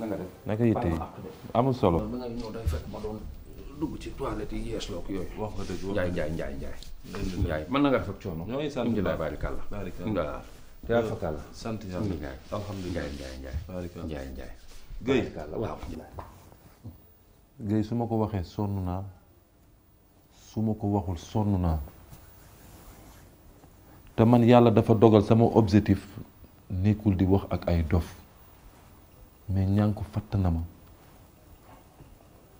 naka yitte yi amul solo. da nga ñëw ma doon dugg ci toilette yi yeesloo ak yooyu. wax nga dëgg njaay njaay njaay mën na nga rafet coono. ñooy sant alhamdulilah sant yàlla alhamdulilah njaay su ma ko waxee sonn naa su ma ko waxul sonn naa te man yàlla dafa dogal sama objectif nekkul di wax ak ay dof. mais ñànku fatt na ma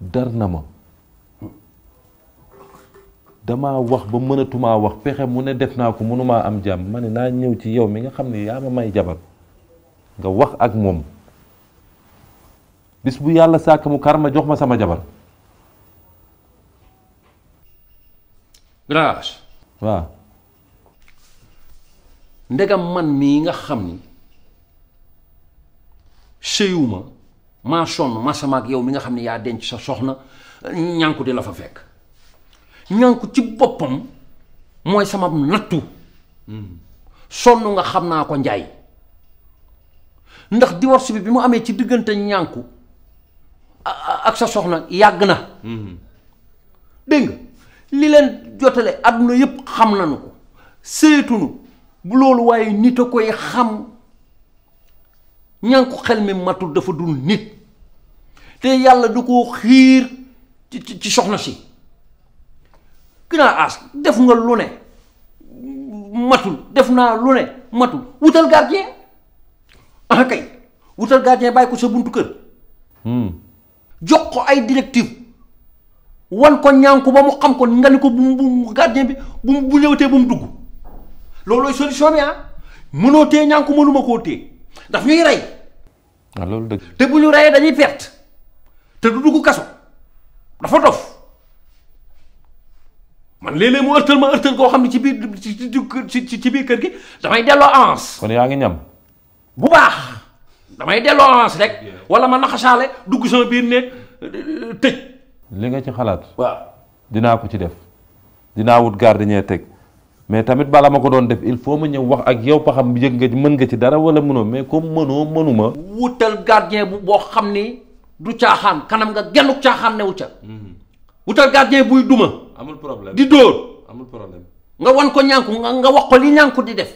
dar na ma dama wax ba mënatuma wax pexe mu ne def naa ko mënumaa am jàmm ma ne naa ñëw ci yow mi nga xam ne yaa ma may jabar nga wax ak moom bis bu yàlla sàkk mu kar ma jox ma sama jabar grâce waaw ndegam man mii nga xam ni séyuma maa sonn maa sama ak yow mi nga xam ne yaa denc sa soxna ñànku di la fa fekk ñànku ci boppam mooy sama nattu sonn nga xam naa ko njaay ndax divorce bi bi mu amee ci diggante ñànku ak sa soxna yàgg na dégg li leen jotale àdduna yépp xam nañu ko séyatunu bu loolu waaye nit a koy xam ñànku xel mi matul dafa dul nit te yàlla du ko xiir ci ci soxna si Kina As def nga lu ne matul def naa lu ne matul wutal gardien ah kay wutal gardien bàyyi ko sa buntu kër. Hmm. jox ko ay directive wan ko ñànk ba mu xam ko nga ni ko bu bu gardien bi bu bu ñëwatee bu mu dugg loolooy solution bi ah mënoo téye ñànku mënuma koo téye daf ñuy rey. waaw ah, loolu dëgg te bu ñu reyee dañuy perte te du dugg kaso dafa dof man léeg-léeg mu ërtël ma ërtël koo xam ne ci biir ci ci biir kër gi damay delloo avance. kon yaa ngi ñam. bu baax damay delloo avance rek wala ma naxasaale dugg sama biir ne tëj. li nga ci xalaat. dinaa ko ci def dinaa wut gardien teg. mais tamit balaa ma ko doon def il faut ma ñëw wax ak yow paxam yëg nga mën nga ci dara wala mënoo mais comme mënoo mënuma wutal gardien bu boo xam ni du caaxaan kanam nga gennu caaxaan newu ca wutal gardien buy duma amul problème di dóor amul problème nga wan ko ñànku nga wax ko li ñànku di def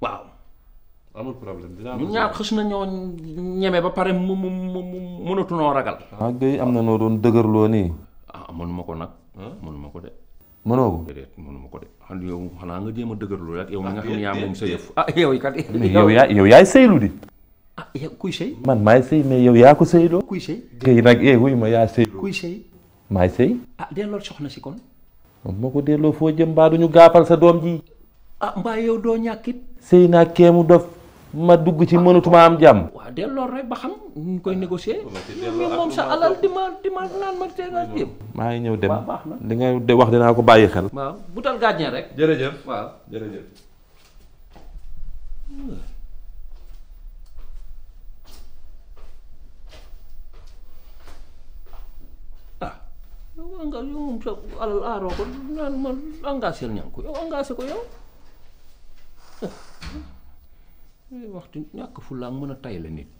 waaw amul problème dinaa ñaar xës na ñoo ñeme ba pare mu mu mu mënatu noo ragal. ah Guèye am na noo doon dëgërloo nii. ah mënuma ko nag mënuma ko de. mënoo ko. déedéet mënuma ko de yow xanaa nga jéem a dëgërlu rek yow mi nga ah, xam yaa moom sa yëf. Ah, yow yaa yow yaay sëylu di. ah man maay sëy mais yow yaa ko sëyloo. kuy sëy. kay nag eh wuy ma yaa sëyloo. kuy sëy. maay sëy. ah delloo si kon. moo ko delloo foo jëm mbaa duñu gaapal sa doom ji. ah mbaa yow doo ñàkkit. sëy naa keemu dof. ma dugg ci mënatuma am jàmm. waaw delloo rek ba xam ñu koy négocier. yow moom sa alal maa ngi ñëw dem li nga wax dinaa ko bàyyi xel. waaw butal gardien rek. jërëjëf waaw jërëjëf. Ah, aaroo ko naan ma engagé ñan ko yow engagé ko yow. waxtu ñàkk fulla ak mën a tay la nit